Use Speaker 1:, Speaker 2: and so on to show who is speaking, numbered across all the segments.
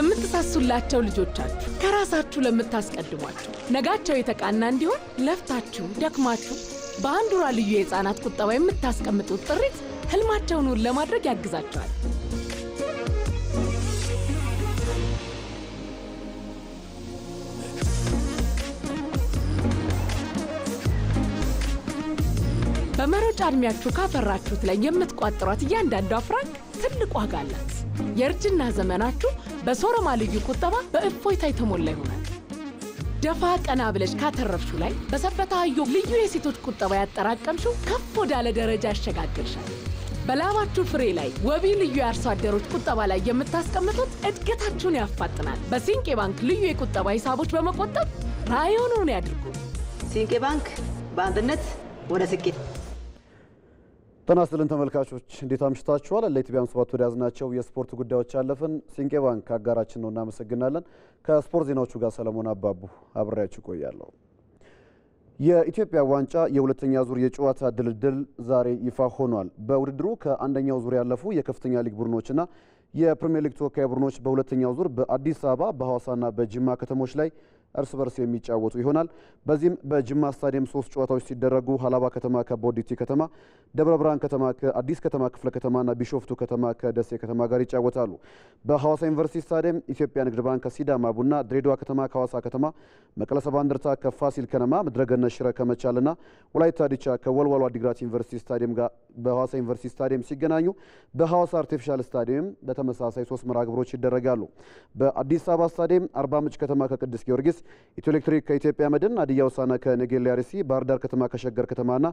Speaker 1: ለምትሳሱላቸው ልጆቻችሁ ከራሳችሁ ለምታስቀድሟቸው ነጋቸው የተቃና እንዲሆን ለፍታችሁ ደክማችሁ በአንዱራ ልዩ የህፃናት ቁጠባ የምታስቀምጡት ጥሪት ህልማቸውን ለማድረግ ያግዛቸዋል። እድሜያችሁ ካፈራችሁት ላይ የምትቋጥሯት እያንዳንዷ ፍራንክ ትልቅ ዋጋ አላት። የእርጅና ዘመናችሁ በሶረማ ልዩ ቁጠባ በእፎይታ የተሞላ ይሆናል። ደፋ ቀና ብለሽ ካተረፍሹ ላይ በሰበታ አዮ ልዩ የሴቶች ቁጠባ ያጠራቀምሽው ከፍ ወዳለ ደረጃ ያሸጋግርሻል። በላባችሁ ፍሬ ላይ ወቢ ልዩ የአርሶ አደሮች ቁጠባ ላይ የምታስቀምጡት እድገታችሁን ያፋጥናል። በሲንቄ ባንክ ልዩ የቁጠባ ሂሳቦች በመቆጠብ ራዮኑን ያድርጉ።
Speaker 2: ሲንቄ ባንክ በአንድነት ወደ ስኬት
Speaker 3: ጤና ይስጥልን ተመልካቾች እንዴት አምሽታችኋል? ለኢት ስፖርት ወደ ያዝናቸው የስፖርት ጉዳዮች አለፍን። ሲንቄ ባንክ አጋራችን ነው፣ እናመሰግናለን። ከስፖርት ዜናዎቹ ጋር ሰለሞን አባቡ አብሬያችሁ ቆያለሁ። የኢትዮጵያ ዋንጫ የሁለተኛ ዙር የጨዋታ ድልድል ዛሬ ይፋ ሆኗል። በውድድሩ ከአንደኛው ዙር ያለፉ የከፍተኛ ሊግ ቡድኖችና የፕሪሚየር ሊግ ተወካይ ቡድኖች በሁለተኛው ዙር በአዲስ አበባ በሐዋሳና በጅማ ከተሞች ላይ እርስ በርስ የሚጫወቱ ይሆናል። በዚህም በጅማ ስታዲየም ሶስት ጨዋታዎች ሲደረጉ ሀላባ ከተማ ከቦዲቲ ከተማ፣ ደብረ ብርሃን ከተማ ከአዲስ ከተማ ክፍለ ከተማና ቢሾፍቱ ከተማ ከደሴ ከተማ ጋር ይጫወታሉ። በሐዋሳ ዩኒቨርሲቲ ስታዲየም ኢትዮጵያ ንግድ ባንክ ከሲዳማ ቡና፣ ድሬዳዋ ከተማ ከሐዋሳ ከተማ፣ መቀለ ሰባ እንደርታ ከፋሲል ከነማ፣ ምድረገነት ሽረ ከመቻልና ወላይታ ዲቻ ከወልዋሎ አዲግራት ዩኒቨርሲቲ ስታዲየም ጋር በሐዋሳ ዩኒቨርሲቲ ስታዲየም ሲገናኙ በሐዋሳ አርቲፊሻል ስታዲየም በተመሳሳይ ሶስት መርሃ ግብሮች ይደረጋሉ። በአዲስ አበባ ስታዲየም አርባ ምንጭ ከተማ ከቅዱስ ጊዮርጊስ፣ ኢትዮ ኤሌክትሪክ ከኢትዮጵያ መድን፣ ሀዲያ ውሳና ከነጌሌ አርሲ፣ ባህር ዳር ከተማ ከሸገር ከተማና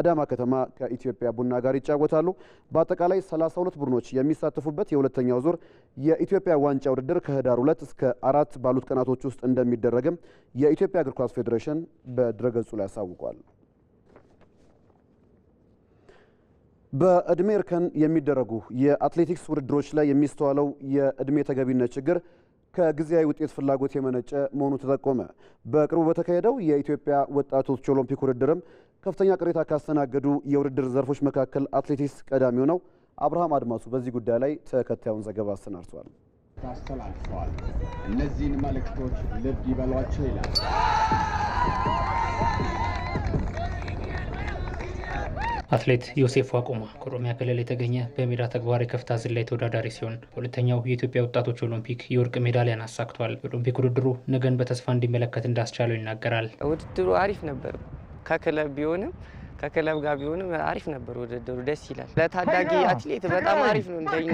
Speaker 3: አዳማ ከተማ ከኢትዮጵያ ቡና ጋር ይጫወታሉ። በአጠቃላይ 32 ቡድኖች የሚሳተፉበት የሁለተኛው ዙር የኢትዮጵያ ዋንጫ ውድድር ከህዳር ሁለት እስከ አራት ባሉት ቀናቶች ውስጥ እንደሚደረግም የኢትዮጵያ እግር ኳስ ፌዴሬሽን በድረገጹ ላይ አሳውቋል። በእድሜ እርከን የሚደረጉ የአትሌቲክስ ውድድሮች ላይ የሚስተዋለው የእድሜ ተገቢነት ችግር ከጊዜያዊ ውጤት ፍላጎት የመነጨ መሆኑ ተጠቆመ። በቅርቡ በተካሄደው የኢትዮጵያ ወጣቶች ኦሎምፒክ ውድድርም ከፍተኛ ቅሬታ ካስተናገዱ የውድድር ዘርፎች መካከል አትሌቲክስ ቀዳሚው ነው። አብርሃም አድማሱ በዚህ ጉዳይ ላይ ተከታዩን ዘገባ አሰናድቷል። ታስተላልፈዋል እነዚህን መልእክቶች ልብ ይበሏቸው ይላል
Speaker 4: አትሌት ዮሴፍ ዋቁማ ከኦሮሚያ ክልል የተገኘ በሜዳ ተግባር የከፍታ ዝላይ ተወዳዳሪ ሲሆን በሁለተኛው የኢትዮጵያ ወጣቶች ኦሎምፒክ የወርቅ ሜዳሊያን አሳክቷል። የኦሎምፒክ ውድድሩ ነገን በተስፋ እንዲመለከት እንዳስቻለው ይናገራል።
Speaker 5: ውድድሩ አሪፍ ነበር ከክለብ ቢሆንም ከክለብ ጋር ቢሆንም አሪፍ ነበር ውድድሩ። ደስ ይላል። ለታዳጊ አትሌት በጣም አሪፍ ነው። እንደኛ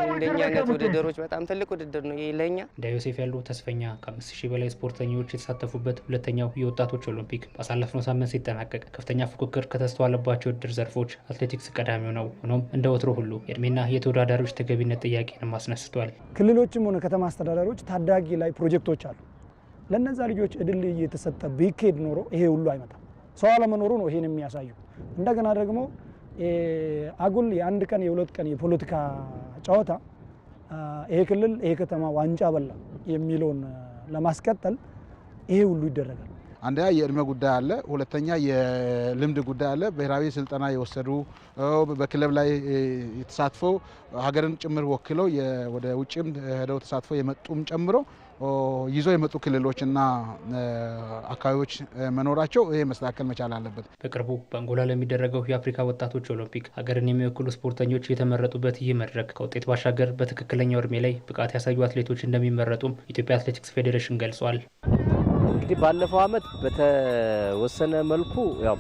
Speaker 5: አይነት ውድድሮች በጣም ትልቅ ውድድር ነው ይህ ለእኛ።
Speaker 4: እንደ ዮሴፍ ያሉ ተስፈኛ ከአምስት ሺህ በላይ ስፖርተኞች የተሳተፉበት ሁለተኛው የወጣቶች ኦሎምፒክ ባሳለፍነው ሳምንት ሲጠናቀቅ ከፍተኛ ፉክክር ከተስተዋለባቸው ውድድር ዘርፎች አትሌቲክስ ቀዳሚው ነው። ሆኖም እንደ ወትሮ ሁሉ የእድሜና የተወዳዳሪዎች ተገቢነት ጥያቄንም አስነስቷል።
Speaker 6: ክልሎችም ሆነ ከተማ አስተዳዳሪዎች ታዳጊ ላይ ፕሮጀክቶች አሉ። ለእነዛ ልጆች እድል እየተሰጠ ቢኬድ ኖሮ ይሄ ሁሉ አይመጣም። ሰው አለመኖሩ ነው ይሄን የሚያሳየው። እንደገና ደግሞ አጉል የአንድ ቀን የሁለት ቀን የፖለቲካ ጨዋታ ይሄ ክልል ይሄ ከተማ ዋንጫ በላ የሚለውን ለማስቀጠል ይሄ ሁሉ ይደረጋል።
Speaker 7: አንደኛ የእድሜ ጉዳይ አለ፣ ሁለተኛ የልምድ ጉዳይ አለ። ብሔራዊ ስልጠና የወሰዱ በክለብ ላይ ተሳትፎ ሀገርን ጭምር ወክለው ወደ ውጭም ሄደው ተሳትፎ የመጡም ጨምሮ ይዞ የመጡ ክልሎችና አካባቢዎች መኖራቸው ይህ መስተካከል መቻል አለበት።
Speaker 8: በቅርቡ በአንጎላ ለሚደረገው የአፍሪካ ወጣቶች ኦሎምፒክ ሀገርን የሚወክሉ ስፖርተኞች የተመረጡበት ይህ መድረክ ከውጤት ባሻገር በትክክለኛው እድሜ ላይ ብቃት ያሳዩ አትሌቶች እንደሚመረጡም ኢትዮጵያ አትሌቲክስ ፌዴሬሽን ገልጿል።
Speaker 9: እንግዲህ ባለፈው ዓመት በተወሰነ መልኩ ያው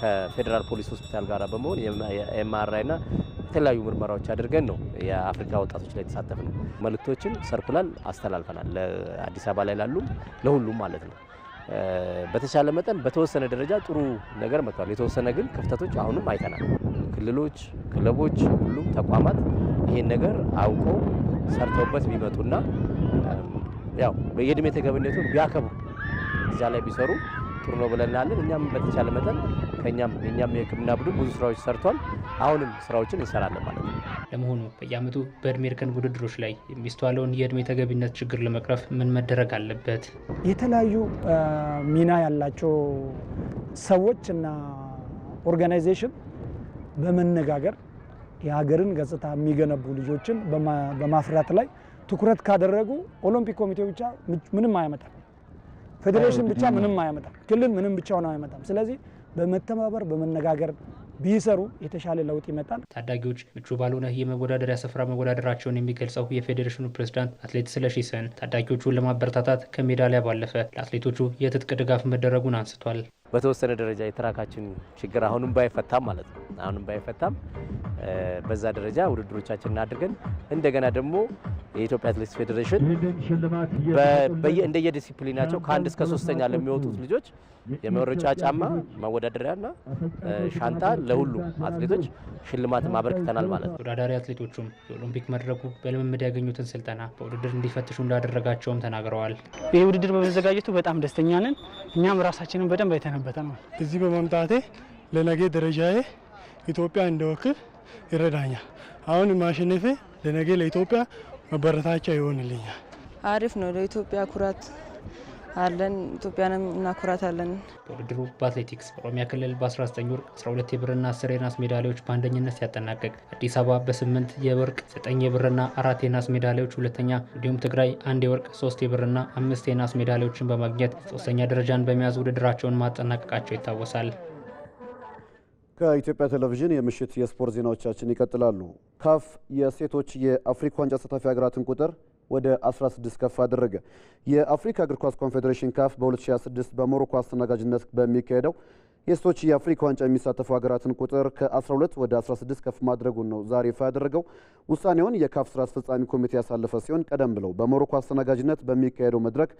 Speaker 9: ከፌዴራል ፖሊስ ሆስፒታል ጋር በመሆን የኤምአርአይና የተለያዩ ምርመራዎች አድርገን ነው የአፍሪካ ወጣቶች ላይ የተሳተፍ ነው። መልእክቶችን ሰርኩላል አስተላልፈናል፣ ለአዲስ አበባ ላይ ላሉ ለሁሉም ማለት ነው። በተቻለ መጠን በተወሰነ ደረጃ ጥሩ ነገር መጥቷል። የተወሰነ ግን ክፍተቶች አሁንም አይተናል። ክልሎች፣ ክለቦች፣ ሁሉም ተቋማት ይሄን ነገር አውቀው ሰርተውበት ቢመጡና ያው የእድሜ ተገብነቱ ቢያከብሩ እዚያ ላይ ቢሰሩ ጥሩ ነው ብለናለን። እኛም በተቻለ መጠን ከኛም የኛም የህክምና ቡድን ብዙ ስራዎች ሰርቷል። አሁንም ስራዎችን እንሰራለን ማለት ነው።
Speaker 10: ለመሆኑ በየአመቱ በእድሜ እርከን ውድድሮች ላይ የሚስተዋለውን የእድሜ ተገቢነት ችግር ለመቅረፍ ምን መደረግ አለበት?
Speaker 6: የተለያዩ ሚና ያላቸው ሰዎች እና ኦርጋናይዜሽን በመነጋገር የሀገርን ገጽታ የሚገነቡ ልጆችን በማፍራት ላይ ትኩረት ካደረጉ ኦሎምፒክ ኮሚቴ ብቻ ምንም አያመጣም። ፌዴሬሽን ብቻ ምንም አያመጣም። ክልል ምንም ብቻውን አያመጣም። ስለዚህ በመተባበር በመነጋገር ቢሰሩ የተሻለ ለውጥ ይመጣል።
Speaker 11: ታዳጊዎች ምቹ ባልሆነ የመወዳደሪያ ስፍራ መወዳደራቸውን የሚገልጸው የፌዴሬሽኑ ፕሬዝዳንት አትሌት ስለሺ ስህን ታዳጊዎቹን ለማበረታታት ከሜዳሊያ ባለፈ ለአትሌቶቹ የትጥቅ ድጋፍ መደረጉን አንስቷል።
Speaker 12: በተወሰነ ደረጃ የትራካችን ችግር አሁንም ባይፈታም ማለት ነው አሁንም ባይፈታም በዛ ደረጃ ውድድሮቻችንን አድርገን እንደገና ደግሞ የኢትዮጵያ አትሌቲክስ ፌዴሬሽን እንደየዲሲፕሊናቸው ከአንድ እስከ ሶስተኛ ለሚወጡት ልጆች የመረጫ ጫማ፣ ማወዳደሪያና ሻንጣ ለሁሉም አትሌቶች ሽልማት ማበርክተናል ማለት ነው። ተወዳዳሪ አትሌቶቹም
Speaker 13: የኦሎምፒክ መድረኩ በልምምድ ያገኙትን ስልጠና በውድድር እንዲፈትሹ እንዳደረጋቸውም ተናግረዋል።
Speaker 14: ይህ ውድድር በመዘጋጀቱ በጣም ደስተኛ ነን። እኛም ራሳችንን በደንብ አይተነ። ይጠቀምበታል ነው።
Speaker 15: እዚህ በመምጣቴ ለነገ ደረጃዬ ኢትዮጵያ እንደወክል ይረዳኛል። አሁን ማሸነፌ ለነገ ለኢትዮጵያ መበረታቻ ይሆንልኛል።
Speaker 16: አሪፍ ነው ለኢትዮጵያ ኩራት አለን ኢትዮጵያንም እናኩራታለን።
Speaker 17: በውድድሩ በአትሌቲክስ በኦሮሚያ ክልል በ19 ወርቅ 12 የብርና 10 የናስ ሜዳሊያዎች በአንደኝነት ሲያጠናቀቅ አዲስ አበባ በ8 የወርቅ 9 የብርና አራት የናስ ሜዳሊያዎች ሁለተኛ፣ እንዲሁም ትግራይ አንድ የወርቅ 3 የብርና አምስት የናስ ሜዳሊያዎችን በማግኘት ሶስተኛ ደረጃን በመያዝ ውድድራቸውን ማጠናቀቃቸው ይታወሳል።
Speaker 3: ከኢትዮጵያ ቴሌቪዥን የምሽት የስፖርት ዜናዎቻችን ይቀጥላሉ። ካፍ የሴቶች የአፍሪካ ዋንጫ ተሳታፊ ሀገራትን ቁጥር ወደ 16 ከፍ አደረገ። የአፍሪካ እግር ኳስ ኮንፌዴሬሽን ካፍ በ2026 በሞሮኮ አስተናጋጅነት በሚካሄደው የሴቶች የአፍሪካ ዋንጫ የሚሳተፉ ሀገራትን ቁጥር ከ12 ወደ 16 ከፍ ማድረጉን ነው ዛሬ ይፋ ያደረገው። ውሳኔውን የካፍ ስራ አስፈጻሚ ኮሚቴ ያሳለፈ ሲሆን ቀደም ብለው በሞሮኮ አስተናጋጅነት በሚካሄደው መድረክ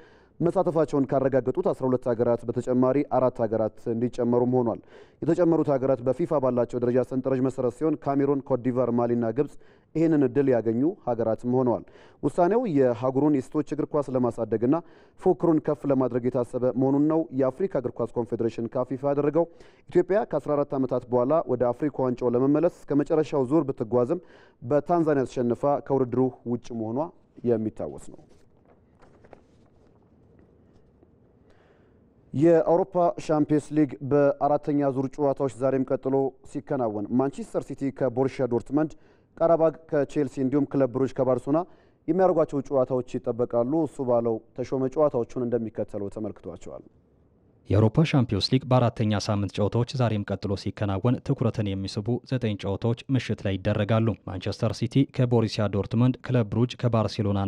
Speaker 3: መሳተፋቸውን ካረጋገጡት 12 ሀገራት በተጨማሪ አራት ሀገራት እንዲጨመሩም ሆኗል። የተጨመሩት ሀገራት በፊፋ ባላቸው ደረጃ ሰንጠረዥ መሰረት ሲሆን ካሜሩን፣ ኮትዲቫር፣ ማሊና ግብጽ ይህንን እድል ያገኙ ሀገራትም ሆነዋል። ውሳኔው የሀገሩን የሴቶች እግር ኳስ ለማሳደግና ፉክክሩን ከፍ ለማድረግ የታሰበ መሆኑን ነው የአፍሪካ እግር ኳስ ኮንፌዴሬሽን ካፍ ይፋ ያደረገው። ያደረገው። ኢትዮጵያ ከ14 ዓመታት በኋላ ወደ አፍሪካ ዋንጫው ለመመለስ ከመጨረሻው ዙር ብትጓዝም በታንዛኒያ ተሸንፋ ከውድድሩ ውጭ መሆኗ የሚታወስ ነው። የአውሮፓ ሻምፒየንስ ሊግ በአራተኛ ዙር ጨዋታዎች ዛሬም ቀጥሎ ሲከናወን ማንቸስተር ሲቲ ከቦርሻ ዶርትመንድ፣ ቀረባግ ከቼልሲ እንዲሁም ክለብ ብሩጅ ከባርሴሎና የሚያደርጓቸው ጨዋታዎች ይጠበቃሉ። እሱ ባለው ተሾመ ጨዋታዎቹን እንደሚከተለው ተመልክቷቸዋል።
Speaker 18: የአውሮፓ ሻምፒዮንስ ሊግ በአራተኛ ሳምንት ጨዋታዎች ዛሬም ቀጥሎ ሲከናወን ትኩረትን የሚስቡ ዘጠኝ ጨዋታዎች ምሽት ላይ ይደረጋሉ። ማንቸስተር ሲቲ ከቦሪሲያ ዶርትመንድ፣ ክለብ ብሩጅ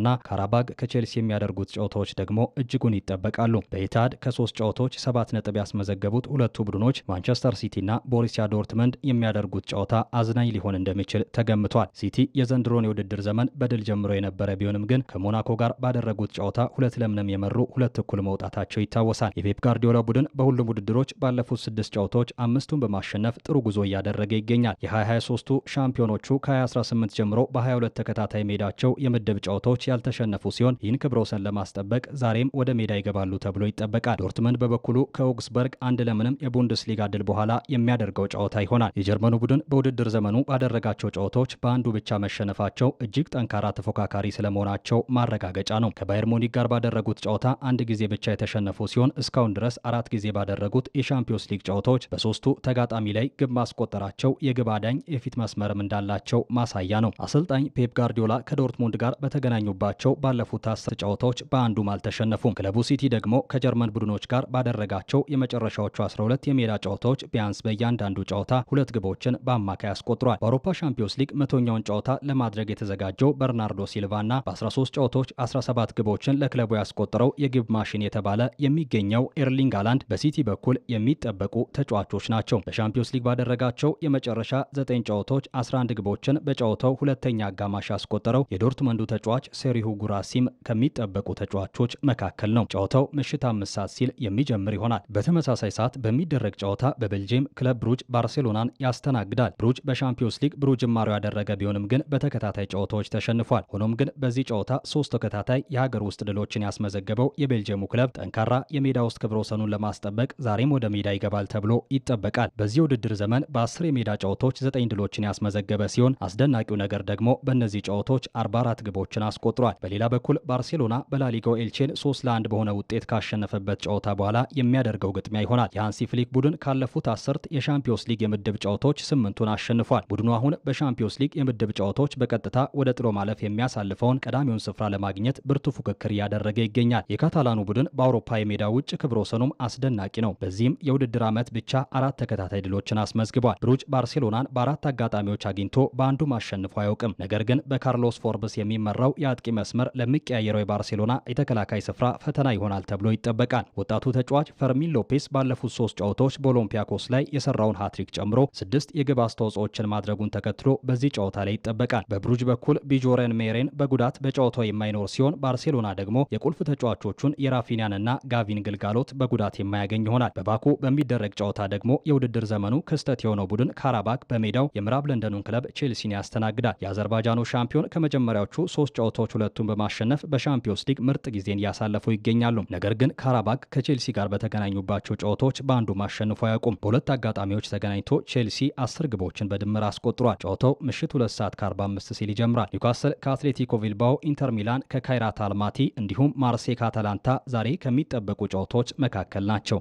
Speaker 18: ና ካራባግ ከቼልሲ የሚያደርጉት ጨዋታዎች ደግሞ እጅጉን ይጠበቃሉ። በኢታድ ከሶስት ጨዋታዎች ሰባት ነጥብ ያስመዘገቡት ሁለቱ ቡድኖች ማንቸስተር ሲቲና ቦሪሲያ ዶርትመንድ የሚያደርጉት ጨዋታ አዝናኝ ሊሆን እንደሚችል ተገምቷል። ሲቲ የዘንድሮን የውድድር ዘመን በድል ጀምሮ የነበረ ቢሆንም ግን ከሞናኮ ጋር ባደረጉት ጨዋታ ሁለት ለምንም የመሩ ሁለት እኩል መውጣታቸው ይታወሳል። የፔፕ ጋርዲዮላ ቡድን በሁሉም ውድድሮች ባለፉት ስድስት ጨዋታዎች አምስቱን በማሸነፍ ጥሩ ጉዞ እያደረገ ይገኛል። የ2023ቱ ሻምፒዮኖቹ ከ2018 ጀምሮ በ22 ተከታታይ ሜዳቸው የምድብ ጨዋታዎች ያልተሸነፉ ሲሆን ይህን ክብረ ወሰን ለማስጠበቅ ዛሬም ወደ ሜዳ ይገባሉ ተብሎ ይጠበቃል። ዶርትመንድ በበኩሉ ከኦግስበርግ አንድ ለምንም የቡንደስሊጋ ድል በኋላ የሚያደርገው ጨዋታ ይሆናል። የጀርመኑ ቡድን በውድድር ዘመኑ ባደረጋቸው ጨዋታዎች በአንዱ ብቻ መሸነፋቸው እጅግ ጠንካራ ተፎካካሪ ስለመሆናቸው ማረጋገጫ ነው። ከባየር ሙኒክ ጋር ባደረጉት ጨዋታ አንድ ጊዜ ብቻ የተሸነፉ ሲሆን እስካሁን ድረስ አራት ጊዜ ባደረጉት የሻምፒዮንስ ሊግ ጨዋታዎች በሶስቱ ተጋጣሚ ላይ ግብ ማስቆጠራቸው የግብ አዳኝ የፊት መስመርም እንዳላቸው ማሳያ ነው። አሰልጣኝ ፔፕ ጋርዲዮላ ከዶርትሙንድ ጋር በተገናኙባቸው ባለፉት አስር ጨዋታዎች በአንዱም አልተሸነፉም። ክለቡ ሲቲ ደግሞ ከጀርመን ቡድኖች ጋር ባደረጋቸው የመጨረሻዎቹ 12 የሜዳ ጨዋታዎች ቢያንስ በእያንዳንዱ ጨዋታ ሁለት ግቦችን በአማካይ አስቆጥሯል። በአውሮፓ ሻምፒዮንስ ሊግ መቶኛውን ጨዋታ ለማድረግ የተዘጋጀው በርናርዶ ሲልቫና በ13 ጨዋታዎች 17 ግቦችን ለክለቡ ያስቆጠረው የግብ ማሽን የተባለ የሚገኘው ኤርሊንግ ሃላንድ በሲቲ በኩል የሚጠበቁ ተጫዋቾች ናቸው። በሻምፒዮንስ ሊግ ባደረጋቸው የመጨረሻ ዘጠኝ ጨዋታዎች 11 ግቦችን በጨዋታው ሁለተኛ አጋማሽ ያስቆጠረው የዶርትመንዱ ተጫዋች ሴሪሁ ጉራሲም ከሚጠበቁ ተጫዋቾች መካከል ነው። ጨዋታው ምሽት አምስት ሰዓት ሲል የሚጀምር ይሆናል። በተመሳሳይ ሰዓት በሚደረግ ጨዋታ በቤልጅየም ክለብ ብሩጅ ባርሴሎናን ያስተናግዳል። ብሩጅ በሻምፒዮንስ ሊግ ብሩ ጅማሬው ያደረገ ቢሆንም ግን በተከታታይ ጨዋታዎች ተሸንፏል። ሆኖም ግን በዚህ ጨዋታ ሶስት ተከታታይ የሀገር ውስጥ ድሎችን ያስመዘገበው የቤልጅየሙ ክለብ ጠንካራ የሜዳ ውስጥ ክብረ ወሰኑን ክብሩን ለማስጠበቅ ዛሬም ወደ ሜዳ ይገባል ተብሎ ይጠበቃል። በዚህ ውድድር ዘመን በአስር የሜዳ ጨዋታዎች ዘጠኝ ድሎችን ያስመዘገበ ሲሆን አስደናቂው ነገር ደግሞ በእነዚህ ጨዋታዎች 44 ግቦችን አስቆጥሯል። በሌላ በኩል ባርሴሎና በላሊጋው ኤልቼን 3 ለ1 በሆነ ውጤት ካሸነፈበት ጨዋታ በኋላ የሚያደርገው ግጥሚያ ይሆናል። የሃንሲ ፍሊክ ቡድን ካለፉት አስርት የሻምፒዮንስ ሊግ የምድብ ጨዋታዎች ስምንቱን አሸንፏል። ቡድኑ አሁን በሻምፒዮንስ ሊግ የምድብ ጨዋታዎች በቀጥታ ወደ ጥሎ ማለፍ የሚያሳልፈውን ቀዳሚውን ስፍራ ለማግኘት ብርቱ ፉክክር እያደረገ ይገኛል። የካታላኑ ቡድን በአውሮፓ የሜዳ ውጭ ክብረ ወሰኑም አስደናቂ ነው። በዚህም የውድድር ዓመት ብቻ አራት ተከታታይ ድሎችን አስመዝግቧል። ብሩጭ ባርሴሎናን በአራት አጋጣሚዎች አግኝቶ በአንዱ ማሸንፎ አያውቅም። ነገር ግን በካርሎስ ፎርብስ የሚመራው የአጥቂ መስመር ለሚቀያየረው የባርሴሎና የተከላካይ ስፍራ ፈተና ይሆናል ተብሎ ይጠበቃል። ወጣቱ ተጫዋች ፈርሚን ሎፔስ ባለፉት ሶስት ጨዋታዎች በኦሎምፒያኮስ ላይ የሰራውን ሃትሪክ ጨምሮ ስድስት የግብ አስተዋጽኦችን ማድረጉን ተከትሎ በዚህ ጨዋታ ላይ ይጠበቃል። በብሩጅ በኩል ቢጆረን ሜሬን በጉዳት በጨዋታው የማይኖር ሲሆን ባርሴሎና ደግሞ የቁልፍ ተጫዋቾቹን የራፊኒያንና ጋቪን ግልጋሎት በጉዳት ቅጣት የማያገኝ ይሆናል። በባኩ በሚደረግ ጨዋታ ደግሞ የውድድር ዘመኑ ክስተት የሆነው ቡድን ካራባክ በሜዳው የምዕራብ ለንደኑን ክለብ ቼልሲን ያስተናግዳል። የአዘርባጃኑ ሻምፒዮን ከመጀመሪያዎቹ ሶስት ጨዋታዎች ሁለቱን በማሸነፍ በሻምፒዮንስ ሊግ ምርጥ ጊዜን እያሳለፉ ይገኛሉ። ነገር ግን ካራባክ ከቼልሲ ጋር በተገናኙባቸው ጨዋታዎች በአንዱ ማሸንፎ አያውቁም። በሁለት አጋጣሚዎች ተገናኝቶ ቼልሲ አስር ግቦችን በድምር አስቆጥሯል። ጨዋታው ምሽት ሁለት ሰዓት ከ45 ሲል ይጀምራል። ኒውካስል ከአትሌቲኮ ቪልባኦ፣ ኢንተር ሚላን ከካይራት አልማቲ እንዲሁም ማርሴይ ከአታላንታ ዛሬ ከሚጠበቁ ጨዋታዎች መካከል መካከል ናቸው።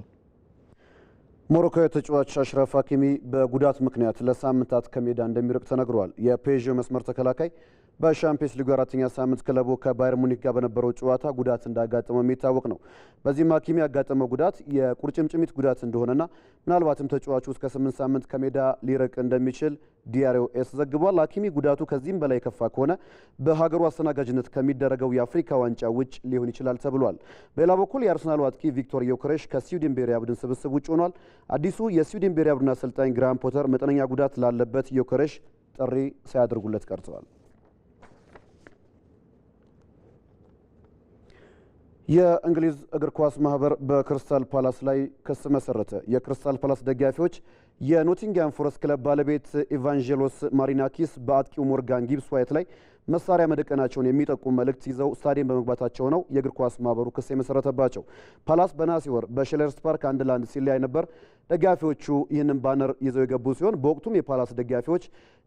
Speaker 3: ሞሮኮዊ ተጫዋች አሽራፍ ሀኪሚ በጉዳት ምክንያት ለሳምንታት ከሜዳ እንደሚርቅ ተነግሯል። የፔዥ መስመር ተከላካይ በሻምፒየንስ ሊጉ አራተኛ ሳምንት ክለቡ ከባየር ሙኒክ ጋር በነበረው ጨዋታ ጉዳት እንዳጋጠመው የሚታወቅ ነው። በዚህም ሀኪሚ ያጋጠመው ጉዳት የቁርጭምጭሚት ጉዳት እንደሆነና ምናልባትም ተጫዋቹ እስከ ስምንት ሳምንት ከሜዳ ሊርቅ እንደሚችል ዲያሬው ኤስ ዘግቧል። ሀኪሚ ጉዳቱ ከዚህም በላይ የከፋ ከሆነ በሀገሩ አስተናጋጅነት ከሚደረገው የአፍሪካ ዋንጫ ውጭ ሊሆን ይችላል ተብሏል። በሌላ በኩል የአርሰናሉ አጥቂ ቪክቶር ዮክሬሽ ከስዊድን ብሔራዊ ቡድን ስብስብ ውጭ ሆኗል። አዲሱ የስዊድን ብሔራዊ ቡድን አሰልጣኝ ግራሃም ፖተር መጠነኛ ጉዳት ላለበት ዮክሬሽ ጥሪ ሳያደርጉለት ቀርተዋል። የእንግሊዝ እግር ኳስ ማህበር በክሪስታል ፓላስ ላይ ክስ መሰረተ። የክሪስታል ፓላስ ደጋፊዎች የኖቲንግያም ፎረስት ክለብ ባለቤት ኢቫንጀሎስ ማሪናኪስ በአጥቂው ሞርጋን ጊብስ ዋይት ላይ መሳሪያ መደቀናቸውን የሚጠቁም መልእክት ይዘው ስታዲየም በመግባታቸው ነው የእግር ኳስ ማህበሩ ክስ የመሰረተባቸው። ፓላስ በነሐሴ ወር በሼለርስ ፓርክ አንድ ለአንድ ሲለያይ ነበር። ደጋፊዎቹ ይህንን ባነር ይዘው የገቡ ሲሆን በወቅቱም የፓላስ ደጋፊዎች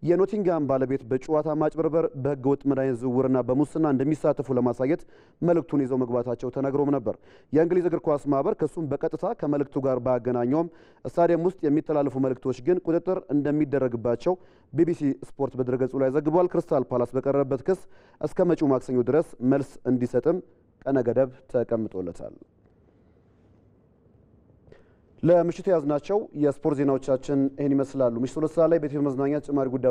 Speaker 3: የኖቲንጋም ባለቤት በጨዋታ ማጭበርበር፣ በህገ ወጥ መድኃኒት ዝውውርና በሙስና እንደሚሳተፉ ለማሳየት መልእክቱን ይዘው መግባታቸው ተነግሮም ነበር። የእንግሊዝ እግር ኳስ ማህበር ክሱም በቀጥታ ከመልእክቱ ጋር ባያገናኘውም ስታዲየም ውስጥ የሚተላለፉ መልእክቶች ግን ቁጥጥር እንደሚደረግባቸው ቢቢሲ ስፖርት በድረገጹ ላይ ዘግቧል። ክሪስታል ፓላስ በቀረበ ለቀረበበት ክስ እስከ መጪው ማክሰኞ ድረስ መልስ እንዲሰጥም ቀነ ገደብ ተቀምጦለታል። ለምሽቱ የያዝናቸው የስፖርት ዜናዎቻችን ይህን ይመስላሉ። ምሽት ሁለት ሰዓት ላይ በኢትዮ መዝናኛ ተጨማሪ ጉዳይ